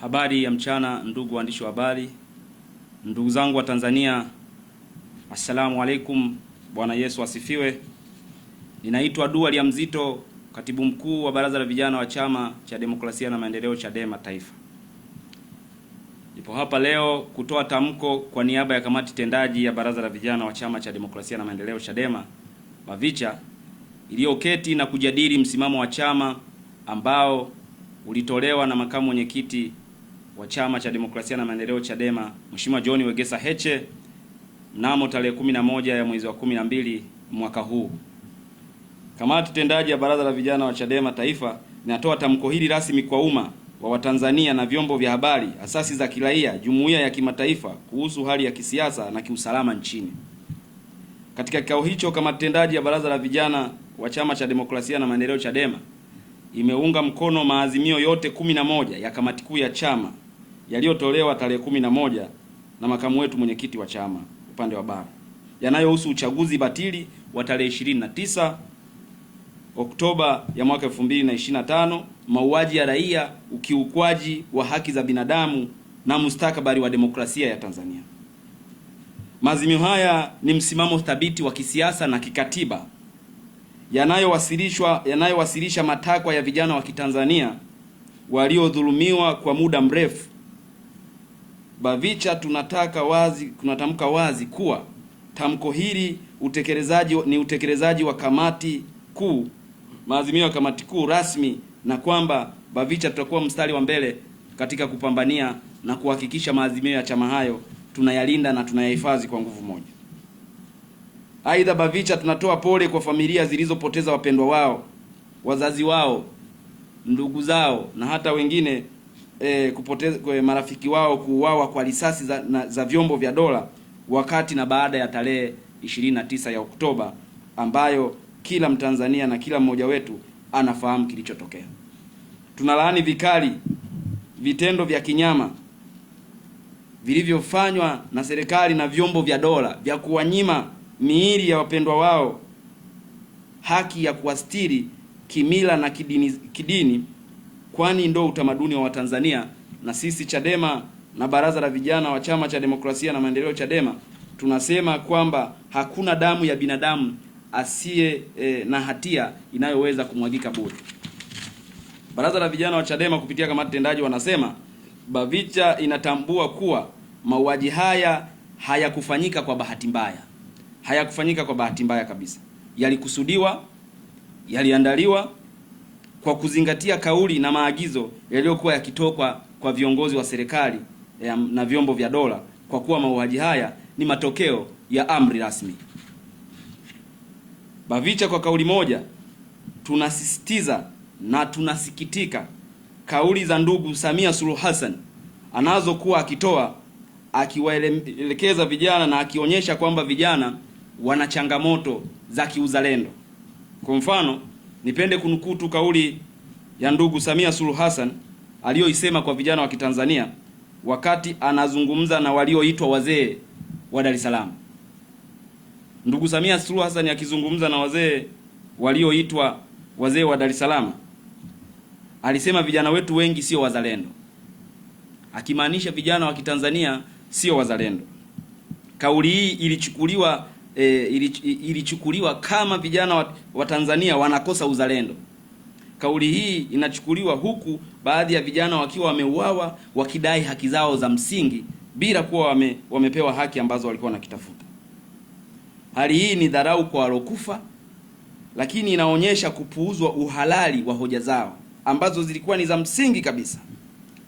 Habari ya mchana, ndugu waandishi wa habari, ndugu zangu wa Tanzania, assalamu alaikum. Bwana Yesu asifiwe. Ninaitwa Dua lya Mzito, katibu mkuu wa baraza la vijana wa Chama cha Demokrasia na Maendeleo, Chadema Taifa. Nipo hapa leo kutoa tamko kwa niaba ya kamati tendaji ya baraza la vijana wa Chama cha Demokrasia na Maendeleo, Chadema BAVICHA, iliyoketi na kujadili msimamo wa chama ambao ulitolewa na makamu mwenyekiti wa Chama cha Demokrasia na Maendeleo Chadema, Mheshimiwa John Wegesa Heche mnamo tarehe 11 ya mwezi wa 12 mwaka huu. Kamati tendaji ya Baraza la Vijana wa Chadema Taifa linatoa tamko hili rasmi kwa umma wa Watanzania na vyombo vya habari, asasi za kiraia, jumuiya ya kimataifa kuhusu hali ya kisiasa na kiusalama nchini. Katika kikao hicho, kamati tendaji ya Baraza la Vijana wa Chama cha Demokrasia na Maendeleo Chadema imeunga mkono maazimio yote 11 ya kamati kuu ya chama yaliyotolewa tarehe kumi na moja na makamu wetu mwenyekiti wa chama upande wa bara yanayohusu uchaguzi batili wa tarehe 29 Oktoba ya mwaka tano, mauaji ya raia, ukiukwaji wa haki za binadamu na mustakabali wa demokrasia ya Tanzania. Maazimio haya ni msimamo thabiti wa kisiasa na kikatiba yanayowasilishwa yanayowasilisha matakwa ya vijana wa Kitanzania waliodhulumiwa kwa muda mrefu BAVICHA tunataka wazi, tunatamka wazi kuwa tamko hili utekelezaji ni utekelezaji wa kamati kuu, maazimio ya kamati kuu rasmi, na kwamba BAVICHA tutakuwa mstari wa mbele katika kupambania na kuhakikisha maazimio ya chama hayo tunayalinda na tunayahifadhi kwa nguvu moja. Aidha, BAVICHA tunatoa pole kwa familia zilizopoteza wapendwa wao, wazazi wao, ndugu zao na hata wengine e, eh, kupoteza eh, marafiki wao kuuawa kwa risasi za, na, za vyombo vya dola wakati na baada ya tarehe 29 ya Oktoba ambayo kila Mtanzania na kila mmoja wetu anafahamu kilichotokea. Tunalaani vikali vitendo vya kinyama vilivyofanywa na serikali na vyombo vya dola vya kuwanyima miili ya wapendwa wao haki ya kuwastiri kimila na kidini, kidini kwani ndo utamaduni wa Watanzania, na sisi Chadema na baraza la vijana wa chama cha demokrasia na maendeleo Chadema tunasema kwamba hakuna damu ya binadamu asiye eh, na hatia inayoweza kumwagika bure. Baraza la vijana wa Chadema kupitia kamati tendaji wanasema BAVICHA inatambua kuwa mauaji haya hayakufanyika kwa bahati mbaya, hayakufanyika kwa bahati mbaya kabisa, yalikusudiwa, yaliandaliwa kwa kuzingatia kauli na maagizo yaliyokuwa yakitokwa kwa viongozi wa serikali eh, na vyombo vya dola, kwa kuwa mauaji haya ni matokeo ya amri rasmi. BAVICHA kwa kauli moja tunasisitiza na tunasikitika kauli za ndugu Samia Suluhu Hassan anazokuwa akitoa akiwaelekeza vijana na akionyesha kwamba vijana wana changamoto za kiuzalendo. Kwa mfano Nipende kunukuu tu kauli ya ndugu Samia Suluhu Hassan aliyoisema kwa vijana wa Kitanzania wakati anazungumza na walioitwa wazee wa Dar es Salaam. Ndugu Samia Suluhu Hassan akizungumza na wazee walioitwa wazee wa Dar es Salaam alisema vijana wetu wengi sio wazalendo, akimaanisha vijana wa Kitanzania sio wazalendo. Kauli hii ilichukuliwa e, ilichukuliwa kama vijana wa Tanzania wanakosa uzalendo. Kauli hii inachukuliwa huku baadhi ya vijana wakiwa wameuawa wakidai haki zao za msingi bila kuwa wame, wamepewa haki ambazo walikuwa wanakitafuta. Hali hii ni dharau kwa walokufa, lakini inaonyesha kupuuzwa uhalali wa hoja zao ambazo zilikuwa ni za msingi kabisa.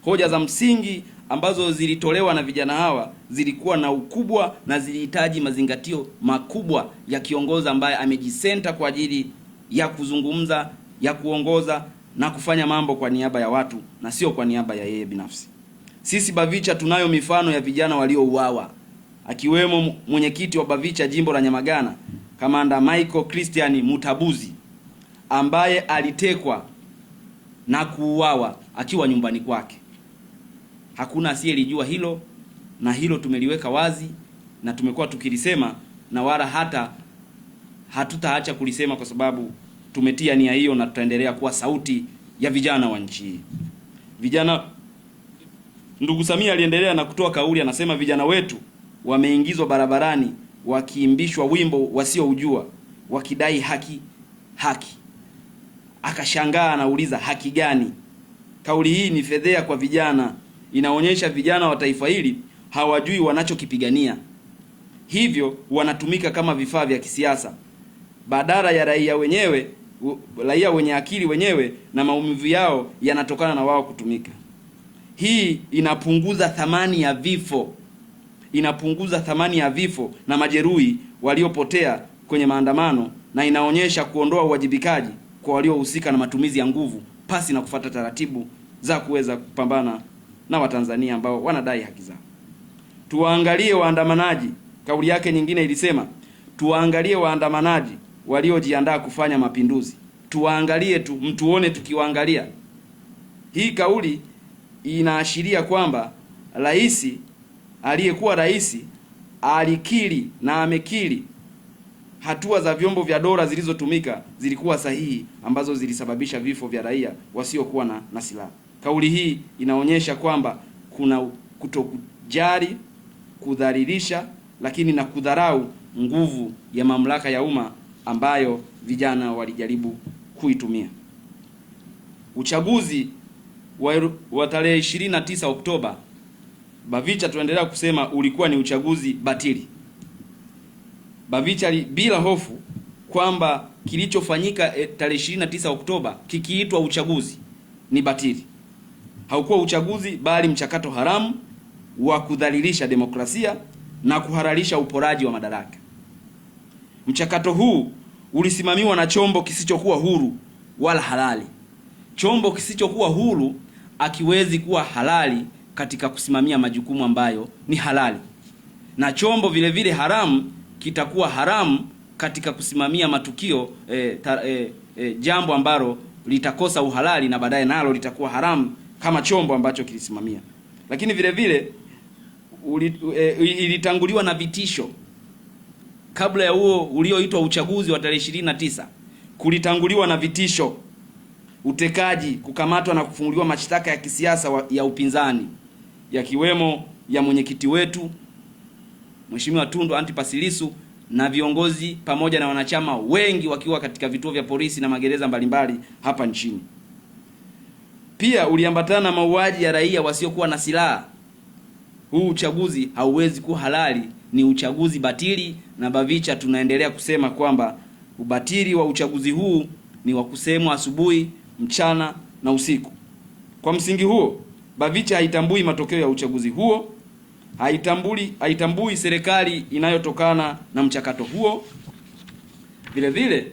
Hoja za msingi ambazo zilitolewa na vijana hawa zilikuwa na ukubwa na zilihitaji mazingatio makubwa ya kiongozi ambaye amejisenta kwa ajili ya kuzungumza, ya kuongoza na kufanya mambo kwa niaba ya watu na sio kwa niaba ya yeye binafsi. Sisi Bavicha tunayo mifano ya vijana waliouawa akiwemo mwenyekiti wa Bavicha jimbo la Nyamagana, Kamanda Michael Christian Mutabuzi ambaye alitekwa na kuuawa akiwa nyumbani kwake hakuna asiyelijua hilo, na hilo tumeliweka wazi na tumekuwa tukilisema na wala hata hatutaacha kulisema kwa sababu tumetia nia hiyo, na tutaendelea kuwa sauti ya vijana wa nchi hii. Vijana, ndugu Samia aliendelea na kutoa kauli, anasema vijana wetu wameingizwa barabarani wakiimbishwa wimbo wasioujua wakidai haki haki. Akashangaa, anauliza haki gani? Kauli hii ni fedhea kwa vijana inaonyesha vijana wa taifa hili hawajui wanachokipigania, hivyo wanatumika kama vifaa vya kisiasa badala ya raia wenyewe, raia wenye akili wenyewe, na maumivu yao yanatokana na wao kutumika. Hii inapunguza thamani ya vifo, inapunguza thamani ya vifo na majeruhi waliopotea kwenye maandamano, na inaonyesha kuondoa uwajibikaji kwa waliohusika na matumizi ya nguvu pasi na kufata taratibu za kuweza kupambana na Watanzania ambao wanadai haki zao. Tuwaangalie waandamanaji. Kauli yake nyingine ilisema, tuwaangalie waandamanaji waliojiandaa kufanya mapinduzi, tuwaangalie tu, mtuone tukiwaangalia. Hii kauli inaashiria kwamba rais aliyekuwa rais alikiri na amekiri hatua za vyombo vya dola zilizotumika zilikuwa sahihi, ambazo zilisababisha vifo vya raia wasiokuwa na, na silaha. Kauli hii inaonyesha kwamba kuna kutokujali, kudhalilisha, lakini na kudharau nguvu ya mamlaka ya umma ambayo vijana walijaribu kuitumia. Uchaguzi wa tarehe 29 Oktoba, Bavicha tunaendelea kusema ulikuwa ni uchaguzi batili. Bavicha li, bila hofu kwamba kilichofanyika eh, tarehe 29 Oktoba kikiitwa uchaguzi ni batili haukuwa uchaguzi bali mchakato haramu wa kudhalilisha demokrasia na kuhalalisha uporaji wa madaraka. Mchakato huu ulisimamiwa na chombo kisichokuwa huru wala halali. Chombo kisichokuwa huru akiwezi kuwa halali katika kusimamia majukumu ambayo ni halali, na chombo vile vile haramu kitakuwa haramu katika kusimamia matukio eh, ta, eh, eh, jambo ambalo litakosa uhalali na baadaye nalo litakuwa haramu kama chombo ambacho kilisimamia, lakini vile vile e, ilitanguliwa na vitisho kabla ya huo ulioitwa uchaguzi wa tarehe 29 kulitanguliwa na vitisho, utekaji, kukamatwa na kufunguliwa mashtaka ya kisiasa wa, ya upinzani yakiwemo ya mwenyekiti wetu Mheshimiwa Tundu Antipas Lissu na viongozi pamoja na wanachama wengi wakiwa katika vituo vya polisi na magereza mbalimbali hapa nchini pia uliambatana na mauaji ya raia wasiokuwa na silaha. Huu uchaguzi hauwezi kuwa halali, ni uchaguzi batili, na BAVICHA tunaendelea kusema kwamba ubatili wa uchaguzi huu ni wa kusemwa asubuhi, mchana na usiku. Kwa msingi huo, BAVICHA haitambui matokeo ya uchaguzi huo, haitambui haitambui serikali inayotokana na mchakato huo. Vile vile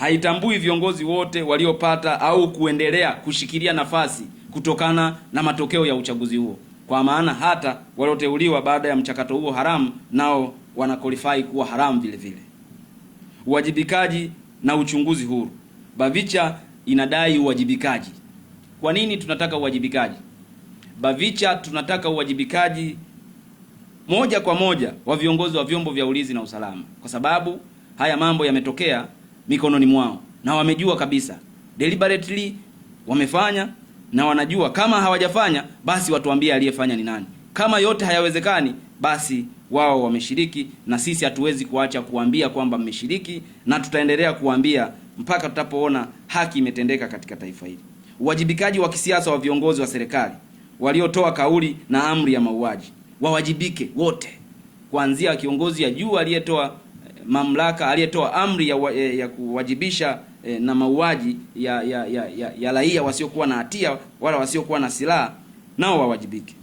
haitambui viongozi wote waliopata au kuendelea kushikilia nafasi kutokana na matokeo ya uchaguzi huo, kwa maana hata walioteuliwa baada ya mchakato huo haramu nao wanakolifai kuwa haramu vile vile. Uwajibikaji na uchunguzi huru. Bavicha inadai uwajibikaji. Kwa nini tunataka uwajibikaji? Bavicha tunataka uwajibikaji moja kwa moja wa viongozi wa vyombo vya ulinzi na usalama, kwa sababu haya mambo yametokea mikononi mwao, na wamejua kabisa deliberately wamefanya, na wanajua kama hawajafanya basi watuambie aliyefanya ni nani. Kama yote hayawezekani, basi wao wameshiriki, na sisi hatuwezi kuacha kuambia kwamba mmeshiriki, na tutaendelea kuambia mpaka tutapoona haki imetendeka katika taifa hili. Uwajibikaji wa kisiasa wa viongozi wa serikali waliotoa kauli na amri ya mauaji wawajibike wote, kuanzia kiongozi ya juu aliyetoa mamlaka aliyetoa amri ya, ya, e, ya kuwajibisha eh, na mauaji ya, ya, ya, ya, ya raia wasiokuwa na hatia wala wasiokuwa na silaha nao wawajibike.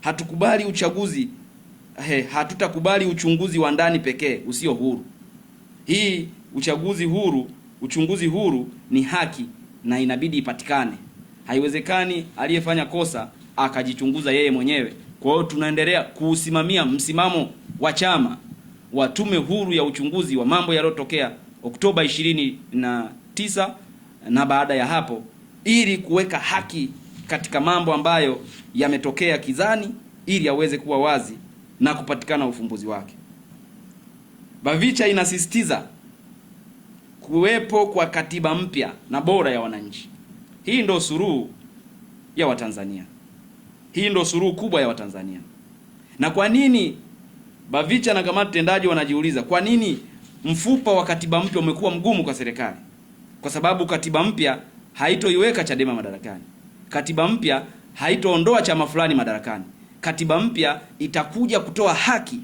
Hatukubali uchaguzi he, hatutakubali uchunguzi wa ndani pekee usio huru. Hii uchaguzi huru, uchunguzi huru ni haki na inabidi ipatikane. Haiwezekani aliyefanya kosa akajichunguza yeye mwenyewe. Kwa hiyo tunaendelea kuusimamia msimamo wa chama wa Tume Huru ya Uchunguzi wa mambo yaliyotokea Oktoba 29 na baada ya hapo, ili kuweka haki katika mambo ambayo yametokea kizani, ili yaweze kuwa wazi na kupatikana ufumbuzi wake. Bavicha inasisitiza kuwepo kwa katiba mpya na bora ya wananchi. Hii ndo suruhu ya Watanzania, hii ndo suruhu kubwa ya Watanzania. Na kwa nini Bavicha na kamati tendaji wanajiuliza kwa nini mfupa wa katiba mpya umekuwa mgumu kwa serikali, kwa sababu katiba mpya haitoiweka Chadema madarakani, katiba mpya haitoondoa chama fulani madarakani, katiba mpya itakuja kutoa haki,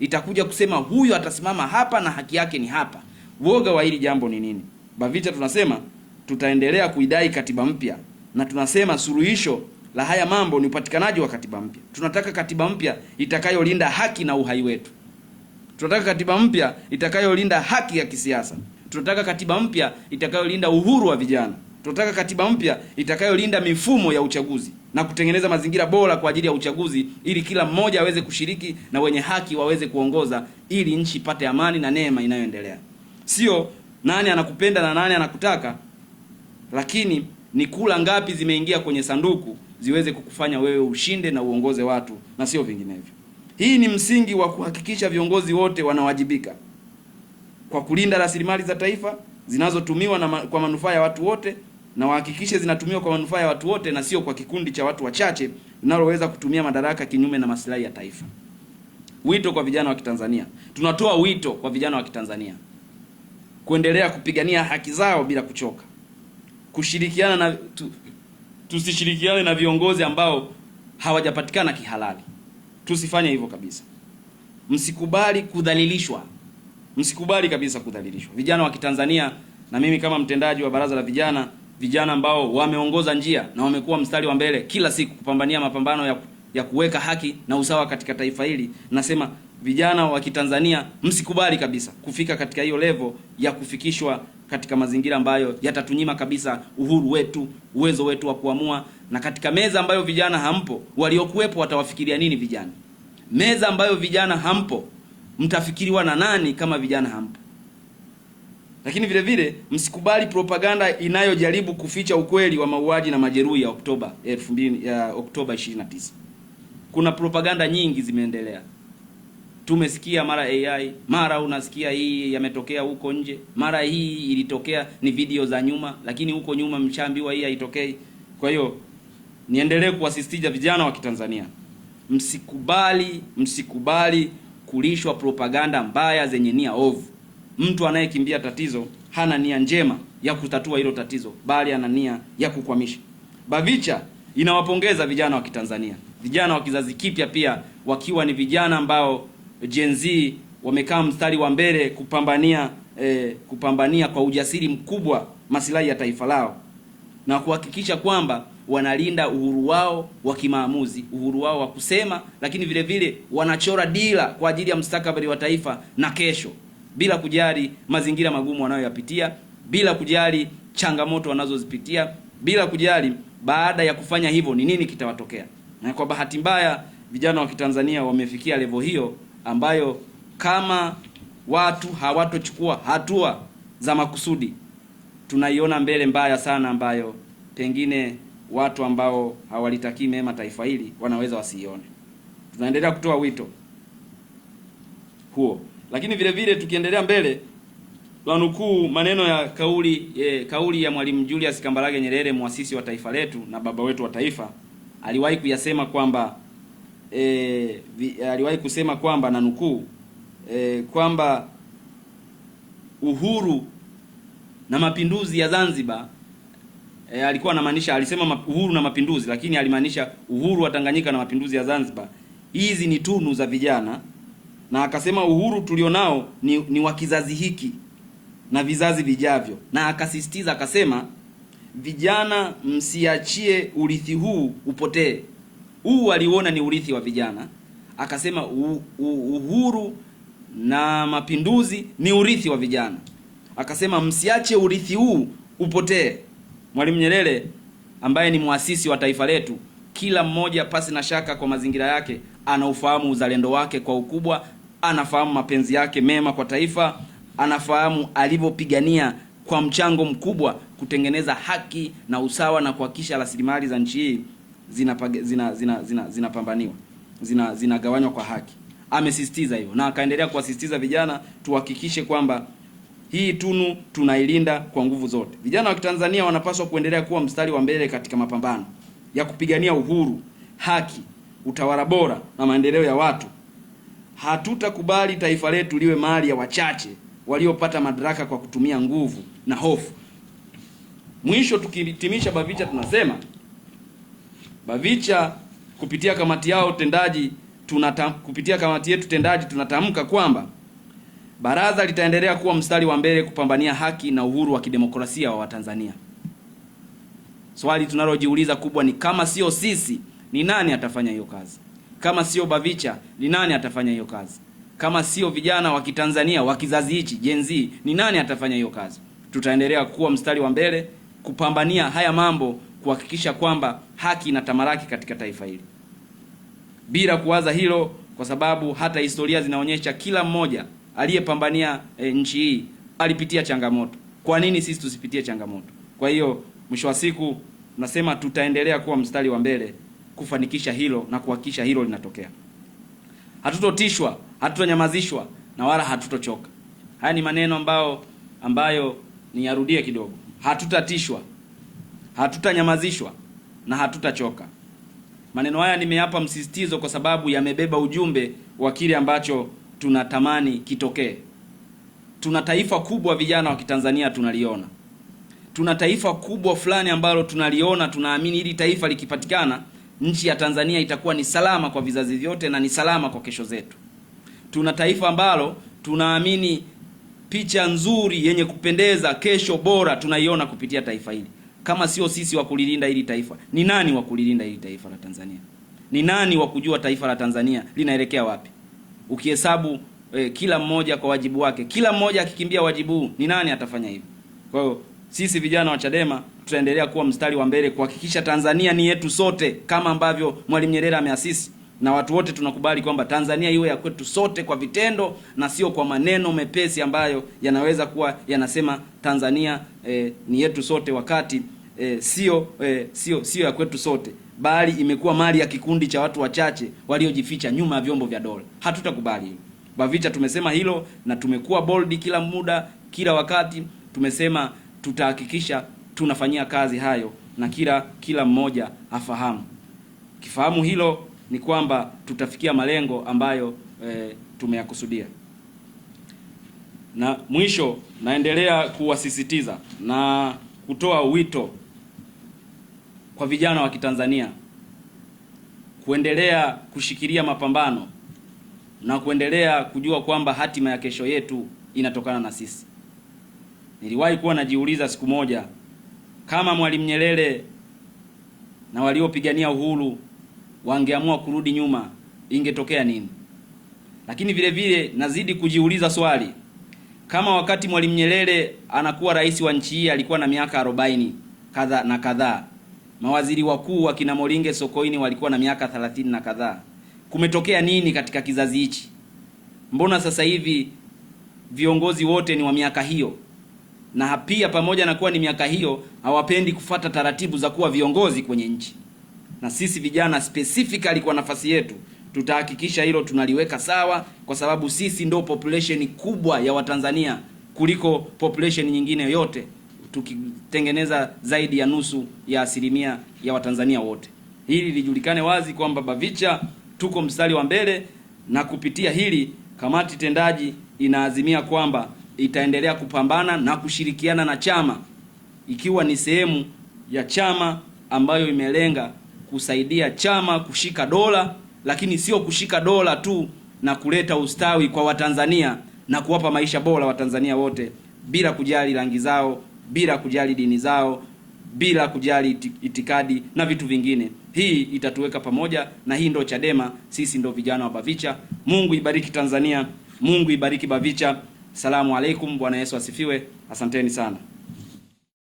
itakuja kusema huyu atasimama hapa na haki yake ni hapa. Woga wa hili jambo ni nini? Bavicha tunasema tutaendelea kuidai katiba mpya na tunasema suluhisho la haya mambo ni upatikanaji wa katiba mpya. Tunataka katiba mpya itakayolinda haki na uhai wetu. Tunataka katiba mpya itakayolinda haki ya kisiasa. Tunataka katiba mpya itakayolinda uhuru wa vijana. Tunataka katiba mpya itakayolinda mifumo ya uchaguzi na kutengeneza mazingira bora kwa ajili ya uchaguzi, ili kila mmoja aweze kushiriki na wenye haki waweze kuongoza, ili nchi ipate amani na neema inayoendelea. Sio nani anakupenda na nani anakutaka, lakini ni kula ngapi zimeingia kwenye sanduku ziweze kukufanya wewe ushinde na uongoze watu na sio vinginevyo. Hii ni msingi wa kuhakikisha viongozi wote wanawajibika kwa kulinda rasilimali za taifa zinazotumiwa na ma kwa manufaa ya watu wote, na wahakikishe zinatumiwa kwa manufaa ya watu wote na sio kwa kikundi cha watu wachache linaloweza kutumia madaraka kinyume na maslahi ya taifa. Wito kwa vijana wa Kitanzania. Tunatoa wito kwa vijana wa Kitanzania kuendelea kupigania haki zao bila kuchoka, kushirikiana na tusishirikiane na viongozi ambao hawajapatikana kihalali. Tusifanye hivyo kabisa. Msikubali kudhalilishwa, msikubali kabisa kudhalilishwa. Vijana wa Kitanzania na mimi kama mtendaji wa baraza la vijana, vijana ambao wameongoza njia na wamekuwa mstari wa mbele kila siku kupambania mapambano ya, ya kuweka haki na usawa katika taifa hili, nasema vijana wa Kitanzania, msikubali kabisa kufika katika hiyo levo ya kufikishwa katika mazingira ambayo yatatunyima kabisa uhuru wetu, uwezo wetu wa kuamua, na katika meza ambayo vijana hampo, waliokuwepo watawafikiria nini vijana? Meza ambayo vijana hampo, mtafikiriwa na nani kama vijana hampo? Lakini vile vile msikubali propaganda inayojaribu kuficha ukweli wa mauaji na majeruhi ya Oktoba 2000 ya Oktoba 29. Kuna propaganda nyingi zimeendelea. Tumesikia mara AI, mara unasikia hii yametokea huko nje, mara hii ilitokea ni video za nyuma, lakini huko nyuma mshaambiwa hii haitokei. Kwa hiyo niendelee kuwasisitiza vijana wa Kitanzania, msikubali, msikubali kulishwa propaganda mbaya zenye nia ovu. Mtu anayekimbia tatizo hana nia njema ya kutatua hilo tatizo, bali ana nia ya kukwamisha. Bavicha inawapongeza vijana wa Kitanzania, vijana wa kizazi kipya, pia wakiwa ni vijana ambao Gen Z wamekaa mstari wa mbele kupambania eh, kupambania kwa ujasiri mkubwa masilahi ya taifa lao na kuhakikisha kwamba wanalinda uhuru wao wa kimaamuzi, uhuru wao wa kusema, lakini vile vile wanachora dira kwa ajili ya mustakabali wa taifa na kesho, bila kujali mazingira magumu wanayoyapitia, bila kujali changamoto wanazozipitia, bila kujali baada ya kufanya hivyo ni nini kitawatokea. Na kwa bahati mbaya vijana wa Kitanzania wamefikia levo hiyo ambayo kama watu hawatochukua hatua za makusudi, tunaiona mbele mbaya sana, ambayo pengine watu ambao hawalitakii mema taifa hili wanaweza wasiione. Tunaendelea kutoa wito huo, lakini vile vile tukiendelea mbele wanukuu maneno ya kauli e, kauli ya Mwalimu Julius Kambarage Nyerere, mwasisi wa taifa letu na baba wetu wa taifa, aliwahi kuyasema kwamba e, aliwahi kusema kwamba na nukuu e, kwamba uhuru na mapinduzi ya Zanzibar e, alikuwa anamaanisha, alisema uhuru na mapinduzi, lakini alimaanisha uhuru wa Tanganyika na mapinduzi ya Zanzibar, hizi ni tunu za vijana, na akasema uhuru tulionao ni, ni wa kizazi hiki na vizazi vijavyo, na akasisitiza akasema, vijana msiachie urithi huu upotee huu aliuona ni urithi wa vijana, akasema uhuru na mapinduzi ni urithi wa vijana, akasema msiache urithi huu upotee. Mwalimu Nyerere ambaye ni mwasisi wa taifa letu, kila mmoja pasi na shaka kwa mazingira yake anaufahamu uzalendo wake kwa ukubwa, anafahamu mapenzi yake mema kwa taifa, anafahamu alivyopigania kwa mchango mkubwa kutengeneza haki na usawa na kuhakikisha rasilimali za nchi hii zinapambaniwa zina, zina, zina, zina zinagawanywa zina kwa haki. Amesisitiza hiyo na akaendelea kuwasisitiza vijana tuhakikishe kwamba hii tunu tunailinda kwa nguvu zote. Vijana wa Kitanzania wanapaswa kuendelea kuwa mstari wa mbele katika mapambano ya kupigania uhuru, haki, utawala bora na maendeleo ya watu. Hatutakubali taifa letu liwe mali ya wachache waliopata madaraka kwa kutumia nguvu na hofu. Mwisho tukihitimisha BAVICHA tunasema BAVICHA kupitia kamati yao tendaji tunata, kupitia kamati yetu tendaji tunatamka kwamba baraza litaendelea kuwa mstari wa mbele kupambania haki na uhuru wa kidemokrasia wa Watanzania. Swali tunalojiuliza kubwa ni kama sio sisi, ni nani atafanya hiyo kazi? Kama sio BAVICHA, ni nani atafanya hiyo kazi? Kama sio vijana wa Kitanzania wa kizazi hichi Gen Z, ni nani atafanya hiyo kazi? Tutaendelea kuwa mstari wa mbele kupambania haya mambo kuhakikisha kwamba haki inatamalaki katika taifa hili, bila kuwaza hilo, kwa sababu hata historia zinaonyesha kila mmoja aliyepambania e, nchi hii alipitia changamoto. Kwa nini sisi tusipitie changamoto? Kwa hiyo mwisho wa siku nasema tutaendelea kuwa mstari wa mbele kufanikisha hilo na kuhakikisha hilo linatokea. Hatutotishwa, hatutonyamazishwa na wala hatutochoka. Haya ni maneno ambayo ambayo niyarudie kidogo, hatutatishwa hatutanyamazishwa na hatutachoka. Maneno haya nimeyapa msisitizo kwa sababu yamebeba ujumbe wa kile ambacho tunatamani kitokee. Tuna taifa kubwa, vijana wa Kitanzania tunaliona. Tuna taifa kubwa fulani ambalo tunaliona, tunaamini hili taifa likipatikana, nchi ya Tanzania itakuwa ni salama kwa vizazi vyote na ni salama kwa kesho zetu. Tuna taifa ambalo tunaamini picha nzuri yenye kupendeza, kesho bora tunaiona kupitia taifa hili kama sio sisi wa kulilinda hili taifa, ni nani wa kulilinda hili taifa la Tanzania? Ni nani wa kujua taifa la Tanzania linaelekea wapi? Ukihesabu eh, kila mmoja kwa wajibu wake, kila mmoja akikimbia wajibu ni nani atafanya hivyo? Kwa hiyo sisi vijana wa Chadema tutaendelea kuwa mstari wa mbele kuhakikisha Tanzania ni yetu sote, kama ambavyo Mwalimu Nyerere ameasisi na watu wote tunakubali kwamba Tanzania iwe ya kwetu sote kwa vitendo na sio kwa maneno mepesi ambayo yanaweza kuwa yanasema Tanzania eh, ni yetu sote wakati e, sio e, sio sio ya kwetu sote, bali imekuwa mali ya kikundi cha watu wachache waliojificha nyuma ya vyombo vya dola. Hatutakubali hilo. BAVICHA tumesema hilo na tumekuwa bold kila muda, kila wakati tumesema tutahakikisha tunafanyia kazi hayo na kila kila mmoja afahamu. Kifahamu hilo ni kwamba tutafikia malengo ambayo e, tumeyakusudia. Na mwisho naendelea kuwasisitiza na kutoa wito kwa vijana wa Kitanzania kuendelea kushikilia mapambano na kuendelea kujua kwamba hatima ya kesho yetu inatokana na sisi. Niliwahi kuwa najiuliza siku moja kama Mwalimu Nyerere na waliopigania uhuru wangeamua kurudi nyuma ingetokea nini? Lakini vile vile nazidi kujiuliza swali kama wakati Mwalimu Nyerere anakuwa rais wa nchi hii alikuwa na miaka arobaini kadha na kadhaa Mawaziri wakuu wa kina Moringe Sokoine walikuwa na miaka 30 na kadhaa. Kumetokea nini katika kizazi hichi? Mbona sasa hivi viongozi wote ni wa miaka hiyo? Na pia pamoja na kuwa ni miaka hiyo, hawapendi kufata taratibu za kuwa viongozi kwenye nchi. Na sisi vijana specifically, kwa nafasi yetu, tutahakikisha hilo tunaliweka sawa, kwa sababu sisi ndo population kubwa ya Watanzania kuliko population nyingine yote tukitengeneza zaidi ya nusu ya asilimia ya Watanzania wote. Hili lijulikane wazi kwamba Bavicha tuko mstari wa mbele, na kupitia hili kamati tendaji inaazimia kwamba itaendelea kupambana na kushirikiana na chama ikiwa ni sehemu ya chama ambayo imelenga kusaidia chama kushika dola, lakini sio kushika dola tu na kuleta ustawi kwa Watanzania na kuwapa maisha bora Watanzania wote bila kujali rangi zao bila kujali dini zao, bila kujali itikadi na vitu vingine. Hii itatuweka pamoja, na hii ndo Chadema, sisi ndo vijana wa Bavicha. Mungu ibariki Tanzania, Mungu ibariki Bavicha. Salamu alaikum, Bwana Yesu asifiwe. Asanteni sana.